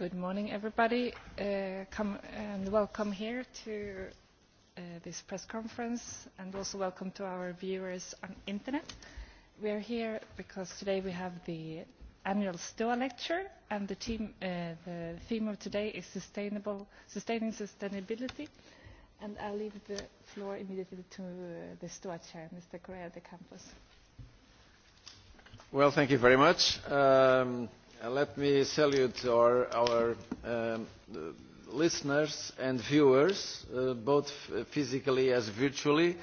Good morning, everybody. come and welcome here to uh, this press conference, and also welcome to our viewers on internet. We are here because today we have the annual STOA lecture, and the, team, uh, the theme of today is sustainable, sustaining sustainability. And I'll leave the floor immediately to uh, the STOA chair, Mr. Correa de Campos. Well, thank you very much let me salute our, our um, listeners and viewers, uh, both physically as virtually.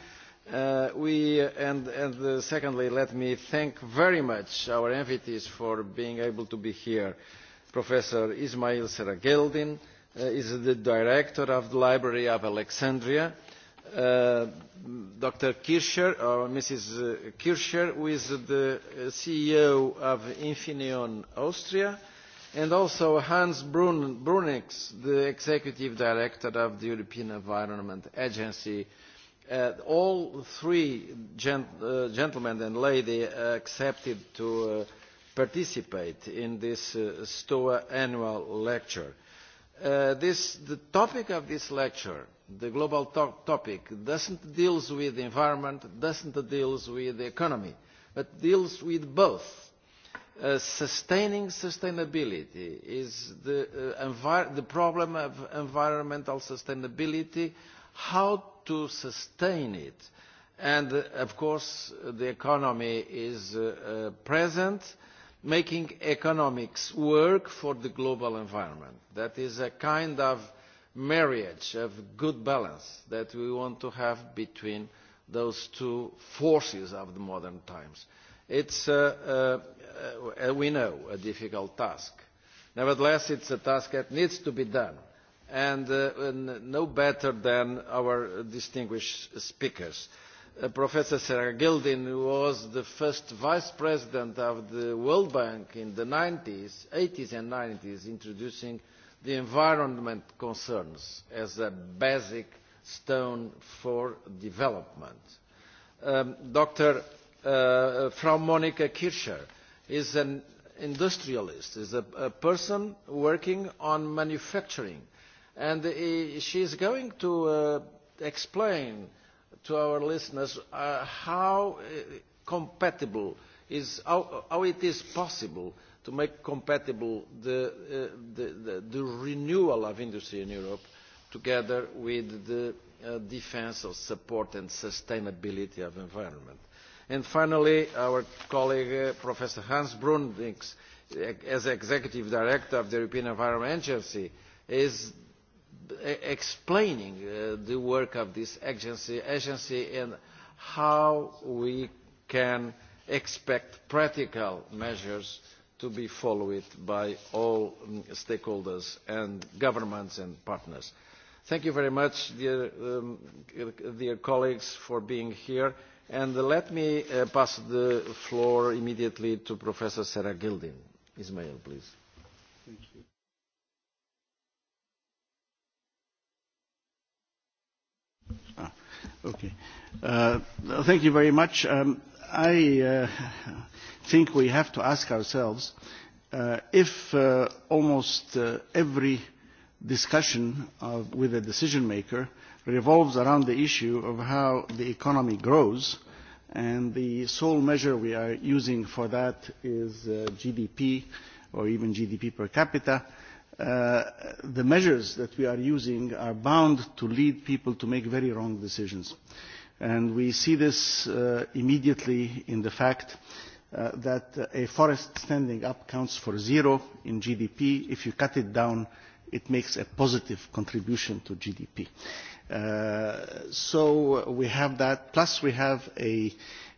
Uh, we, and and uh, secondly, let me thank very much our entities for being able to be here. Professor Ismail Serageldin uh, is the director of the Library of Alexandria Dr. Kircher, or Mrs. Kircher, who is the CEO of Infineon Austria, and also Hans Brunix, the Executive Director of the European Environment Agency. all three gentlemen and lady accepted to participate in this STOA annual lecture. the topic of this lecture the global to topic, doesn't deal with the environment, doesn't deal with the economy, but deals with both. Uh, sustaining sustainability is the, uh, the problem of environmental sustainability, how to sustain it. And, of course, the economy is uh, present, making economics work for the global environment. That is a kind of marriage of good balance that we want to have between those two forces of the modern times. It's, uh, uh, we know, a difficult task. Nevertheless, it's a task that needs to be done, and, uh, no better than our distinguished speakers. Uh, Professor Sarah Gildin was the first vice president of the World Bank in the 90s, 80s and 90s, introducing uh, the environment concerns as a basic stone for development. Dr. Frau Monika Kircher is an industrialist, is a, a person working on manufacturing, and she is going to explain to our listeners how compatible is how, how it is possible to make compatible the, uh, the, the, the renewal of industry in Europe together with the uh, of support and sustainability of environment. And finally, our colleague uh, Professor Hans Brundings, as Executive Director of the European Environment Agency, is explaining uh, the work of this agency, agency and how we can expect practical measures uh, to be followed by all stakeholders and governments and partners. Thank you very much, dear, colleagues, for being here. And let me pass the floor immediately to Professor Sarah Gildin. Ismail, please. Thank you. Okay. Uh, thank you very much. Um, I uh, think we have to ask ourselves uh, if uh, almost uh, every discussion of, with a decision maker revolves around the issue of how the economy grows, and the sole measure we are using for that is uh, GDP or even GDP per capita. Uh, the measures that we are using are bound to lead people to make very wrong decisions. And we see this uh, immediately in the fact uh, that a forest standing up counts for zero in GDP. If you cut it down, it makes a positive contribution to GDP. Uh, so we have that, plus we have a,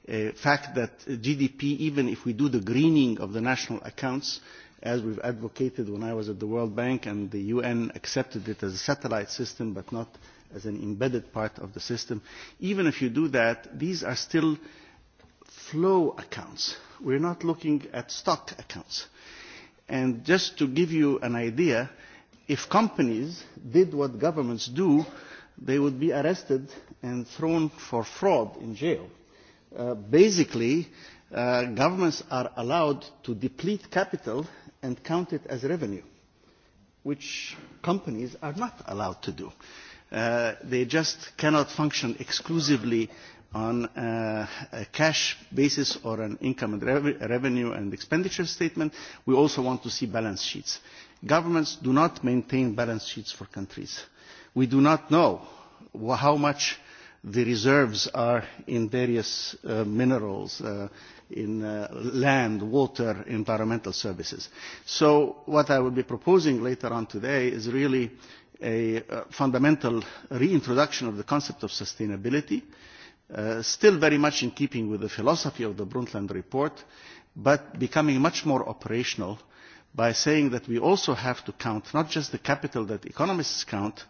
a fact that GDP, even if we do the greening of the national accounts, as we've advocated when I was at the World Bank and the UN accepted it as a satellite system but not as an embedded part of the system, even if you do that, these are still uh, flow accounts. We're not looking at stock accounts. And just to give you an idea, if companies did what governments do, they would be arrested and thrown for fraud in jail. Uh, basically, uh, governments are allowed to deplete capital and count it as revenue, which companies are not allowed to do. Uh, they just cannot function exclusively on a cash basis or an income and revenue and expenditure statement. We also want to see balance sheets. Governments do not maintain balance sheets for countries. We do not know how much the reserves are in various uh, minerals, uh, in uh, land, water, environmental services. So what I will be proposing later on today is really a uh, fundamental reintroduction of the concept of sustainability uh, uh, still very much in keeping with the philosophy of the Brundtland report, but becoming much more operational by saying that we also have to count not just the capital that economists count,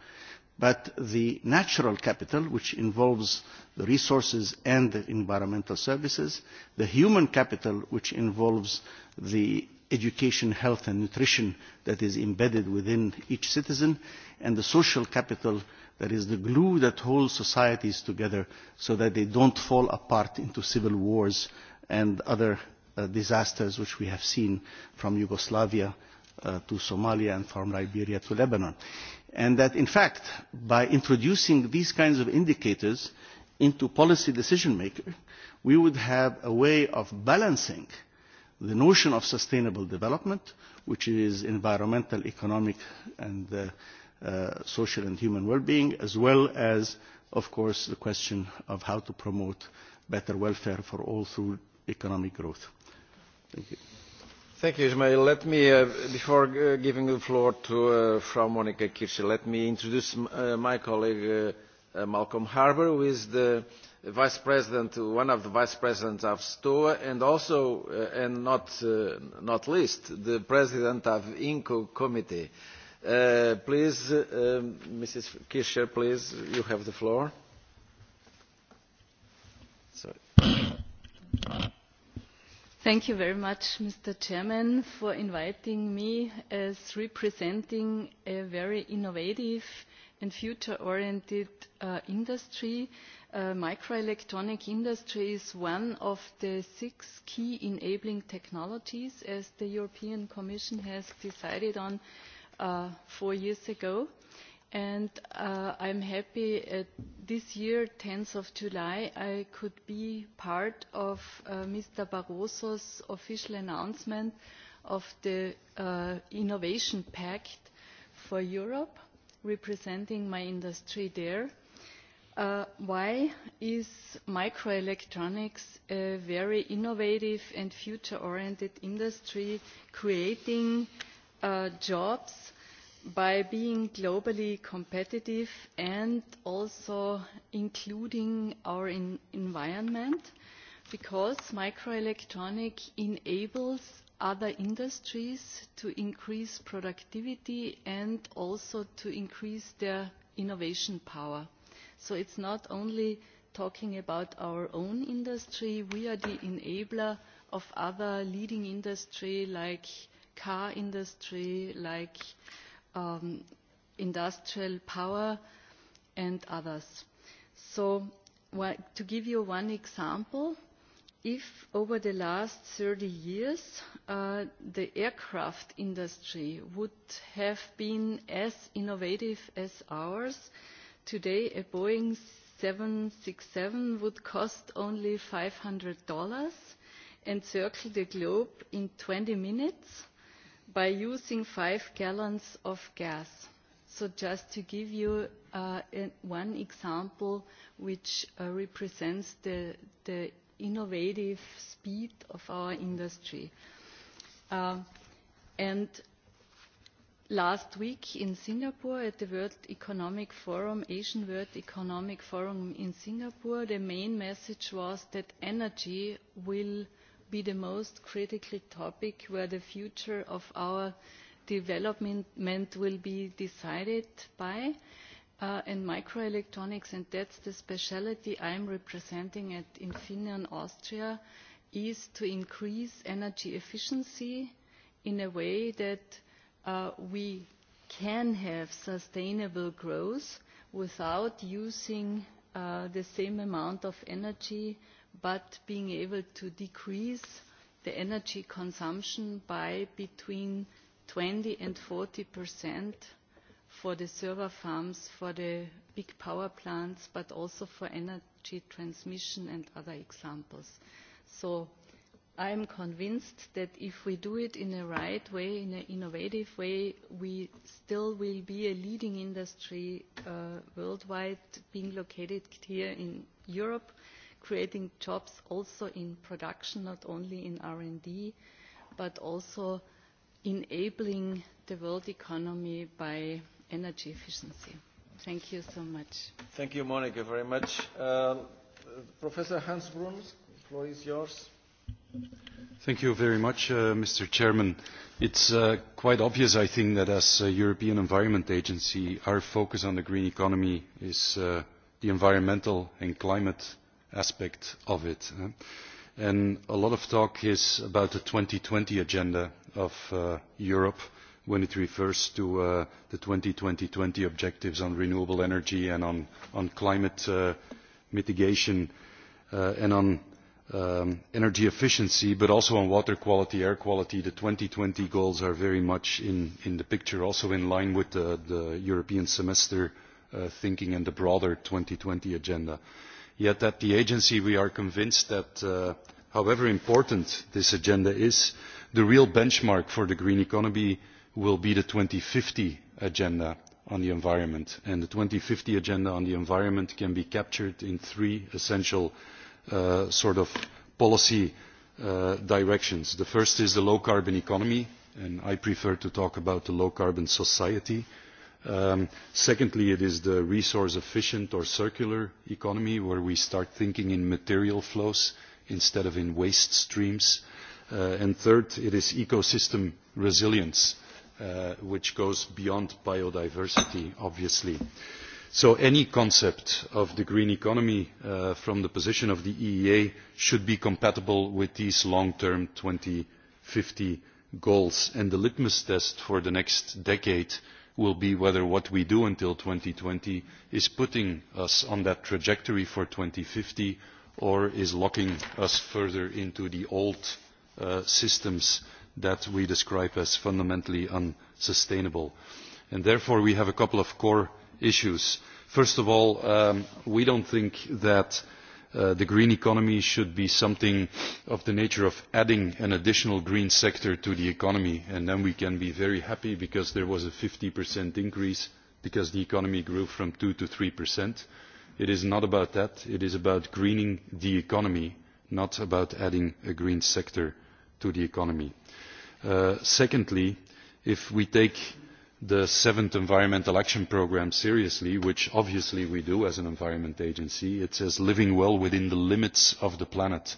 but the natural capital, which involves the resources and the environmental services, the human capital, which involves the education, health and nutrition that is embedded within each citizen, and the social capital, that is the glue that holds societies together so that they don't fall apart into civil wars and other uh, disasters which we have seen from Yugoslavia uh, to Somalia and from Liberia to Lebanon. And that, in fact, by introducing these kinds of indicators into policy decision making, we would have a way of balancing the notion of sustainable development, which is environmental, economic, and uh, social and human well-being, as well as, of course, the question of how to promote better welfare for all through economic growth. Thank you. Thank you, Ismail. Let me, uh, before uh, giving the floor to uh, Frau Monika Kircher, let me introduce uh, my colleague uh, uh, Malcolm Harbour, who is the vice president, one of the vice presidents of STOA, and also, uh, and not, uh, not least, the president of INCO committee. Uh, please, you have the floor. Thank you very much, Mr. president for inviting me as representing a very innovative and future-oriented industry. Uh, microelectronic industry is one of the six key enabling technologies as the European Commission has decided on uh, four years ago. And uh, I'm happy at this year, 10th of July, I could be part of uh, Mr. Barroso's official announcement of the uh, Innovation Pact for Europe, representing my industry there. Uh, why is microelectronics a very innovative and future-oriented industry creating uh, jobs by being globally competitive and also including our environment because microelectronics enables other industries to increase productivity and also to increase their innovation power. So it's not only talking about our own industry, we are the enabler of other leading industry like car industry, like uh, um, industrial power, and others. So to give you one example, if over the last 30 years uh, the aircraft industry would have been as innovative as ours, today a Boeing 767 would cost only $500 and circle the globe in 20 minutes by using five gallons of gas. So just to give you uh, one example which uh, represents the, the innovative speed of our industry. Uh, and last week in Singapore at the World Economic Forum, Asian World Economic Forum in Singapore, the main message was that energy will – be the most critical topic where the future of our development will be decided by uh, and microelectronics, and that's the speciality I'm representing at Infineon Austria, is to increase energy efficiency in a way that uh, we can have sustainable growth without using uh, the same amount of energy but being able to decrease the energy consumption by between 20 and 40 percent for the server farms, for the big power plants, but also for energy transmission and other examples. So I am convinced that if we do it in the right way, in an innovative way, we still will be a leading industry uh, worldwide, being located here in Europe creating jobs also in production, not only in R&D, but also enabling the world economy by energy efficiency. Thank you so much. Thank you, Monica, very much. Professor Hans Bruns, the floor is yours. Thank you very much, uh, Mr. Chairman. It's uh, quite obvious, I think, that as a European Environment Agency, our focus on the green economy is uh, the environmental and climate aspect of it. And a lot of talk is about the 2020 agenda of Europe when it refers to uh, the 2020 objectives on renewable energy and on, on climate mitigation and on energy efficiency, but also on water quality, air quality. The 2020 goals are very much in, in the picture, also in line with the, the European semester thinking and the broader 2020 agenda. agenda Yet at the agency we are convinced that however important this agenda is, the real benchmark for the green economy will be the fifty agenda on the environment. And the fifty agenda on the environment can be captured in three essential sort of policy directions. The first is the low carbon economy, and I prefer to talk about the low carbon society secondly, it is the resource-efficient or circular economy where we start thinking in material flows instead of in waste streams. and third, it is ecosystem resilience, which goes beyond biodiversity, obviously. So any concept of the green economy from the position of the EEA should be compatible with these long-term fifty goals. And the litmus test for the next decade will be whether what we do until twenty is putting us on that trajectory for fifty or is locking us further into the old systems that we describe as fundamentally unsustainable. therefore we have a couple of core issues. first of all we do not think that the green economy should be something of the nature of adding an additional green sector to the economy and then we can be very happy because there was a fifty increase because the economy grew from two to percent. It is not about that. It is about greening the economy, not about adding a green sector to the economy. secondly, if we take the seventh environmental action programme seriously, which obviously we do as an environment agency. It says living well within the limits of the planet.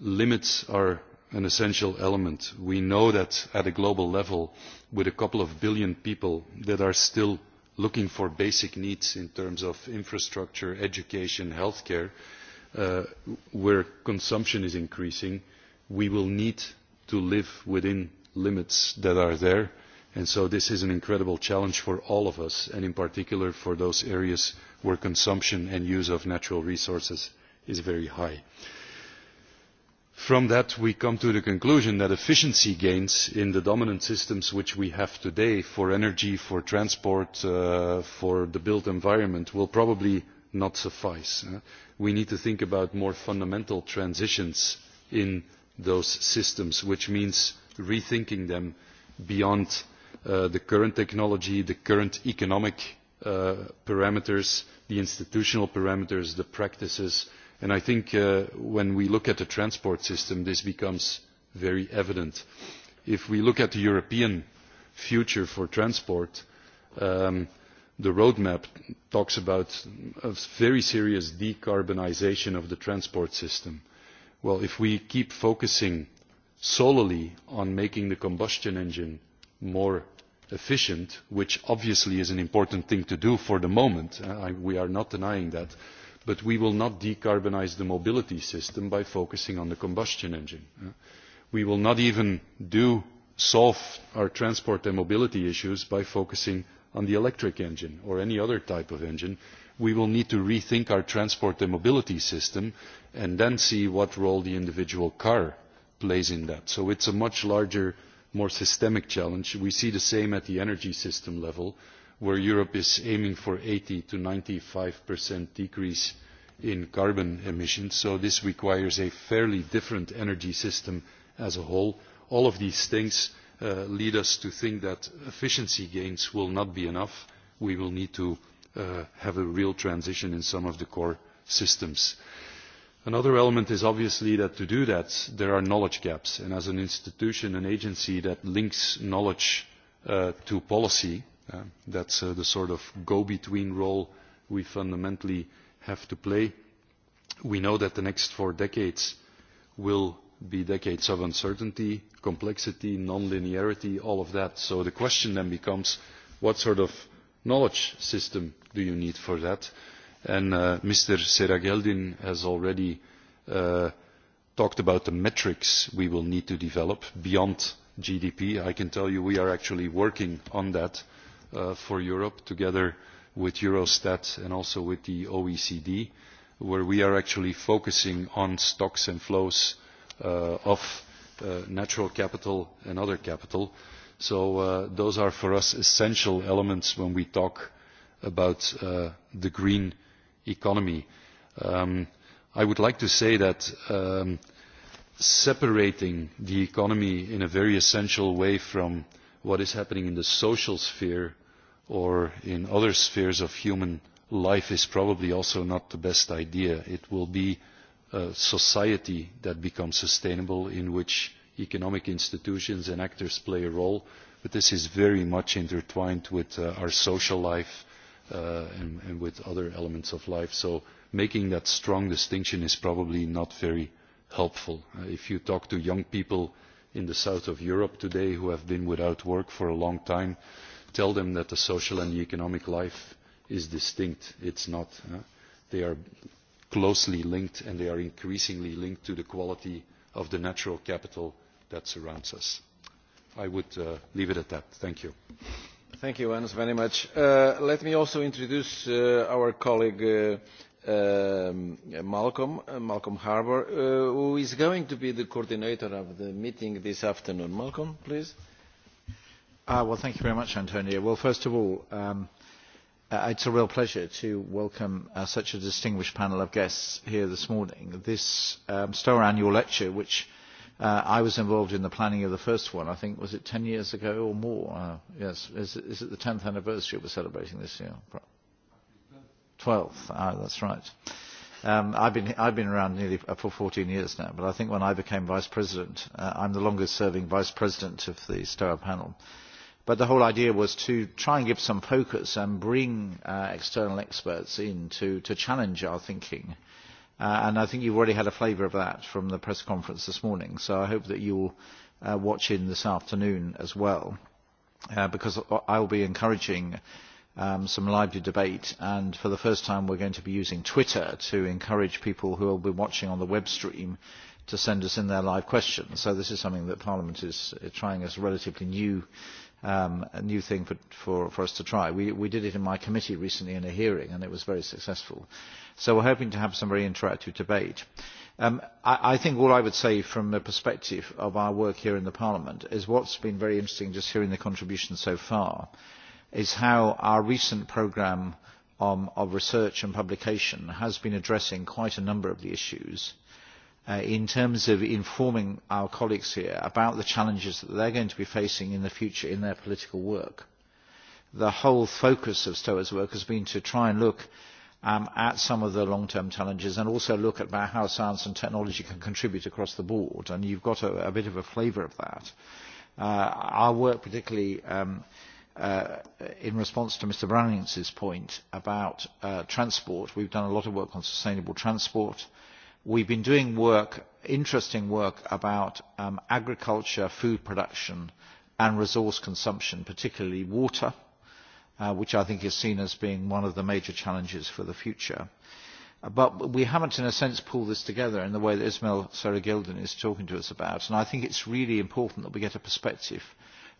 Limits are an essential element. We know that at a global level, with a couple of billion people that are still looking for basic needs in terms of infrastructure, education, healthcare, uh, where consumption is increasing, we will need to live within limits that are there And so this is an incredible challenge for all of us, and in particular for those areas where consumption and use of natural resources is very high. From that, we come to the conclusion that efficiency gains in the dominant systems which we have today for energy, for transport, for the built environment will probably not suffice. We need to think about more fundamental transitions in those systems, which means rethinking them beyond the current technology, the current economic parameters, the institutional parameters, the practices. And I think when we look at the transport system, this becomes very evident. If we look at the European future for transport, the roadmap talks about a very serious decarbonisation of the transport system. Well, if we keep focusing solely on making the combustion engine more efficient, which obviously is an important thing to do for the moment. we are not denying that. But we will not decarbonise the mobility system by focusing on the combustion engine. We will not even solve our transport and mobility issues by focusing on the electric engine or any other type of engine. We will need to rethink our transport and mobility system and then see what role the individual car plays in that. So it's a much larger more systemic challenge. We see the same at the energy system level, where Europe is aiming for 80 to 95% decrease in carbon emissions. So this requires a fairly different energy system as a whole. All of these things lead us to think that efficiency gains will not be enough. We will need to have a real transition in some of the core systems. Uh, Another element is obviously that to do that, there are knowledge gaps. And as an institution, an agency that links knowledge uh, to policy, uh, is uh, the sort of go-between role we fundamentally have to play. We know that the next four decades will be decades of uncertainty, complexity, non-linearity, all of that. So the question then becomes, what sort of knowledge system do you need for that? Uh, And uh, Mr. Serageldin has already uh, talked about the metrics we will need to develop beyond GDP. I can tell you we are actually working on that uh, for Europe together with Eurostat and also with the OECD, where we are actually focusing on stocks and flows uh, of uh, natural capital and other capital. So uh, those are for us essential elements when we talk about uh, the green economy. I would like to say that separating the economy in a very essential way from what is happening in the social sphere or in other spheres of human life is probably also not the best idea. It will be a society that becomes sustainable in which economic institutions and actors play a role, but this is very much intertwined with our social life and, and with other elements of life. So making that strong distinction is probably not very helpful. if you talk to young people in the south of Europe today who have been without work for a long time, tell them that the social and the economic life is distinct. It's not. they are closely linked and they are increasingly linked to the quality of the natural capital that surrounds us. I would leave it at that. Thank you. Thank you, Hans, very much. let me also introduce our colleague Malcolm, Harbour, who is going to be the coordinator of the meeting this afternoon. Malcolm, please. well, thank you very much, Antonio. Well, first of all, um, it's a real pleasure to welcome uh, such a distinguished panel of guests here this morning. This um, STOA annual lecture, which Uh, I was involved in the planning of the first one, I think, was it 10 years ago or more? Uh, yes, is, is it the 10th anniversary we're celebrating this year? 12th, ah, that's right. Um, I've, been, I've been around nearly for 14 years now, but I think when I became vice president, uh, I'm the longest serving vice president of the STOA panel. But the whole idea was to try and give some focus and bring uh, external experts in to, to challenge our thinking Uh, and I think you've already had a flavour of that from the press conference this morning. So I hope that you'll uh, watch in this afternoon as well, uh, because I will be encouraging um, some lively debate. And for the first time, we're going to be using Twitter to encourage people who will be watching on the web stream to send us in their live questions. So this is something that Parliament is trying as a relatively new um, a new thing for, for, for us to try. We, we did it in my committee recently in a hearing, and it was very successful. So we're hoping to have some very interactive debate. Um, I, I think all I would say from the perspective of our work here in the Parliament is what's been very interesting just hearing the contribution so far is how our recent programme um, of research and publication has been addressing quite a number of the issues uh, in terms of informing our colleagues here about the challenges that they're going to be facing in the future in their political work. The whole focus of STOA's work has been to try and look at some of the long-term challenges and also look at about how science and technology can contribute across the board. And you've got a, a bit of a flavour of that. Uh, our work particularly um, uh, in response to Mr. Brownings' point about uh, transport, we've done a lot of work on sustainable transport. We've been doing work, interesting work about um, agriculture, food production, and resource consumption, particularly water, uh, which I think is seen as being one of the major challenges for the future. But we haven't, in a sense, pulled this together in the way that Ismail Saragildan is talking to us about. And I think it's really important that we get a perspective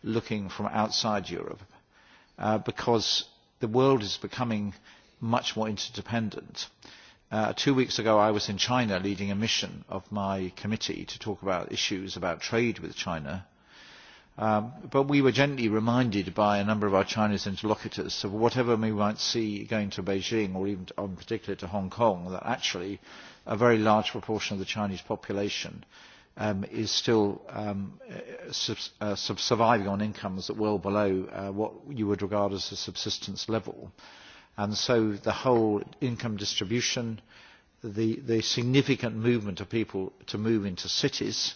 looking from outside Europe, uh, because the world is becoming much more interdependent. Uh, Uh, two weeks ago, I was in China leading a mission of my committee to talk about issues about trade with China. Um, but we were gently reminded by a number of our Chinese interlocutors of whatever we might see going to Beijing or even to, in particular to Hong Kong, that actually a very large proportion of the Chinese population um, is still um, sub, uh, sub surviving on incomes that well below uh, what you would regard as a subsistence level. Uh, And so the whole income distribution, the, the significant movement of people to move into cities,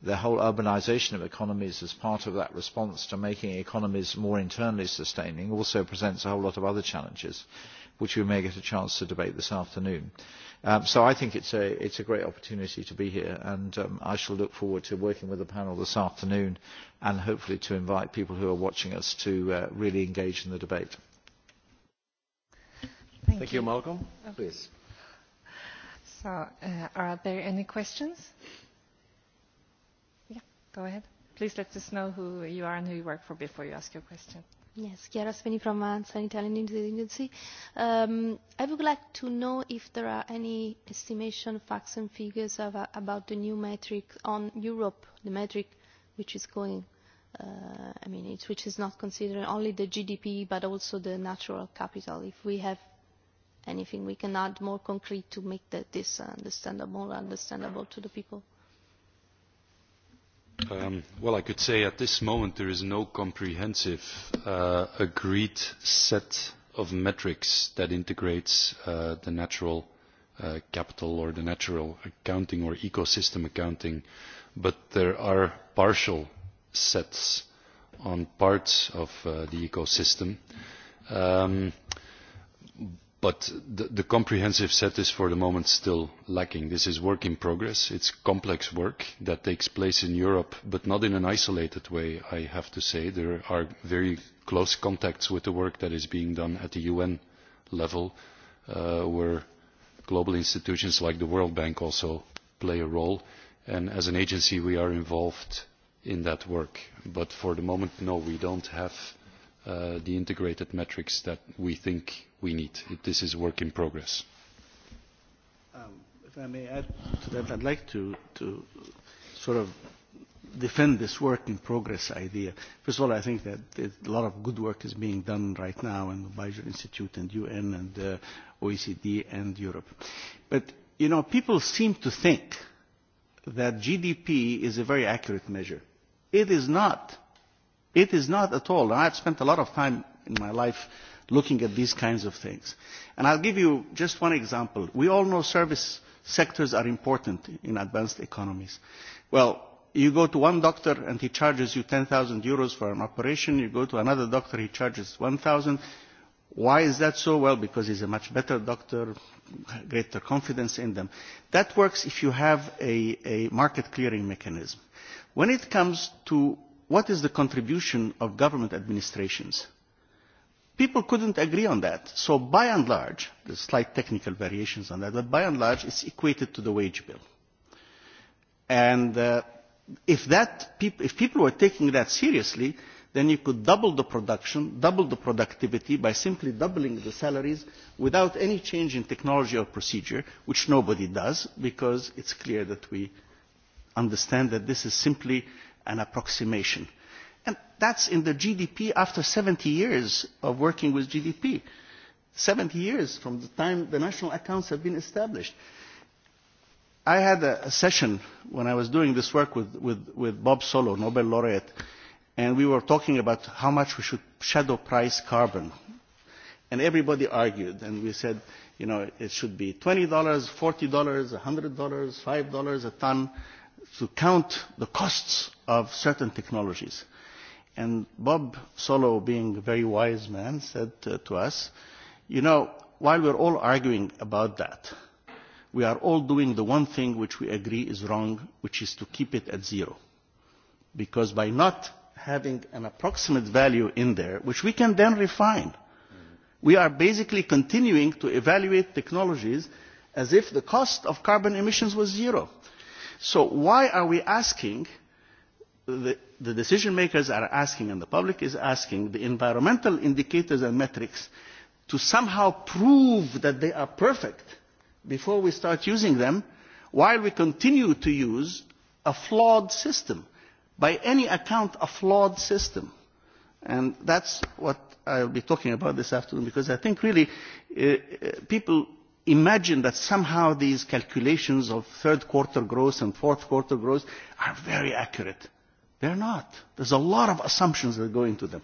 the whole urbanisation of economies as part of that response to making economies more internally sustaining also presents a whole lot of other challenges, which we may get a chance to debate this afternoon. Um, so I think it's a, it's a great opportunity to be here, and um, I shall look forward to working with the panel this afternoon and hopefully to invite people who are watching us to uh, really engage in the debate. Thank, Thank you. you, Malcolm. Please. So, uh, are there any questions? Yeah, go ahead. Please let us know who you are and who you work for before you ask your question. Yes, Chiara Sveni from an Italian agency. Um, I would like to know if there are any estimation, facts and figures of, about the new metric on Europe, the metric which is going, uh, I mean, it's, which is not considering only the GDP but also the natural capital. If we have anything we can add more concrete to make that this understandable, more understandable to the people? Um, well, I could say at this moment there is no comprehensive uh, agreed set of metrics that integrates uh, the natural uh, capital or the natural accounting or ecosystem accounting, but there are partial sets on parts of uh, the ecosystem. Um, but the, the comprehensive set is for the moment still lacking. This is work in progress. It's complex work that takes place in Europe, but not in an isolated way, I have to say. There are very close contacts with the work that is being done at the UN level, uh, where global institutions like the World Bank also play a role. And as an agency, we are involved in that work. But for the moment, no, we don't have the integrated metrics that we think we need. This is work in progress. If I may add to that, I'd like to sort of defend this work in progress idea. First of all, I think that a lot of good work is being done right now in the Bajor Institute and UN and uh, OECD and Europe. But, you know, people seem to think that GDP is a very accurate measure. It is not It is not at all. I've spent a lot of time in my life looking at these kinds of things. And I'll give you just one example. We all know service sectors are important in advanced economies. Well, you go to one doctor and he charges you 10,000 euros for an operation. You go to another doctor, he charges 1,000. Why is that so? Well, because he's a much better doctor, greater confidence in them. That works if you have a, a market clearing mechanism. When it comes to what is the contribution of government administrations? People couldn't agree on that. So by and large, there's slight technical variations on that, but by and large, it's equated to the wage bill. And uh, if, that peop if people were taking that seriously, then you could double the production, double the productivity by simply doubling the salaries without any change in technology or procedure, which nobody does because it's clear that we understand that this is simply an approximation. And that's in the GDP after 70 years of working with GDP. 70 years from the time the national accounts have been established. I had a, a session when I was doing this work with, with, with Bob Solo, Nobel laureate, and we were talking about how much we should shadow price carbon. And everybody argued, and we said, you know, it should be $20, $40, $100, $5 a ton to count the costs of certain technologies. And Bob Solow, being a very wise man, said to, to us, you know, while we're all arguing about that, we are all doing the one thing which we agree is wrong, which is to keep it at zero. Because by not having an approximate value in there, which we can then refine, we are basically continuing to evaluate technologies as if the cost of carbon emissions was zero So why are we asking, the, the decision makers are asking and the public is asking the environmental indicators and metrics to somehow prove that they are perfect before we start using them while we continue to use a flawed system. By any account, a flawed system. And that's what I'll be talking about this afternoon because I think really uh, people imagine that somehow these calculations of third quarter growth and fourth quarter growth are very accurate. They're not. There's a lot of assumptions that go into them.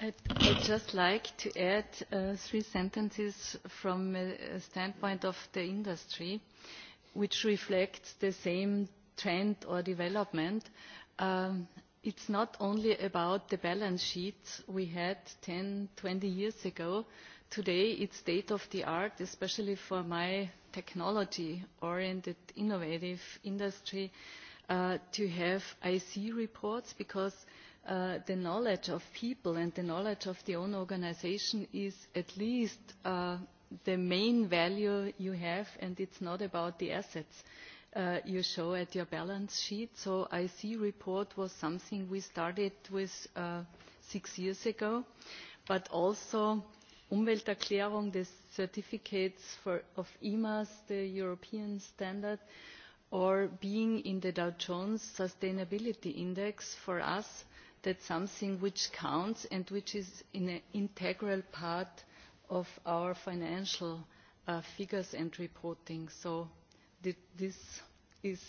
I'd, I'd just like to add uh, three sentences from a standpoint of the industry, which reflects the same trend or development. Um, It is not only about the balance sheet we had ten, twenty years ago. Today it's state of the art, especially for my technology-oriented, innovative industry, to have IC reports because the knowledge of people and the knowledge of the own organisation is at least the main value you have and it's not about the assets you show at your balance sheet. So I see report was something we started with six years ago, but also Umwelterklärung, the certificates for, of EMAS, the European standard, or being in the Dow Jones Sustainability Index for us, that's something which counts and which is an integral part of our financial figures and reporting. So this is,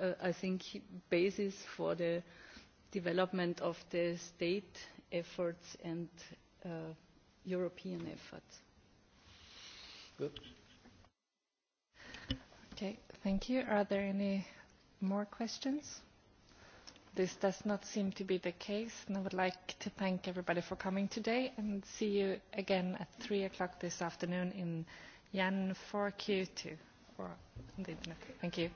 uh, I think, basis for the development of the state efforts and uh, European efforts. Good. Okay, thank you. Are there any more questions? This does not seem to be the case, and I would like to thank everybody for coming today and see you again at three o'clock this afternoon in Jan 4Q2. Thank you.